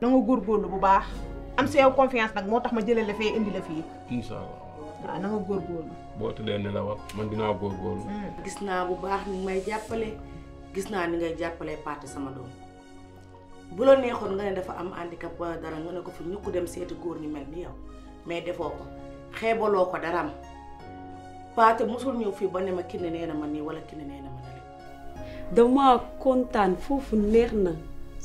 na góor góorgóorlu bu baax am si yow confiance nag moo tax ma jëlee dafay indi la fii. incha allah góor góor nga boo tëddee ne la wax man dinaa góorgóorlu. Hmm. gis naa bu baax ni may jàppale gis naa ni ngay jàppale Pathé sama doom bu la neexoon nga ne dafa am handicap wala dara nga ne ko fi ñu ko dem seeti góor ñu mel ni yow mais defoo ko xeebaloo ko daraam Pathé mosul ñëw fii ba ne ma kii nee na ma nii wala kii nee na ma nii. dama kontaan foofu neex na.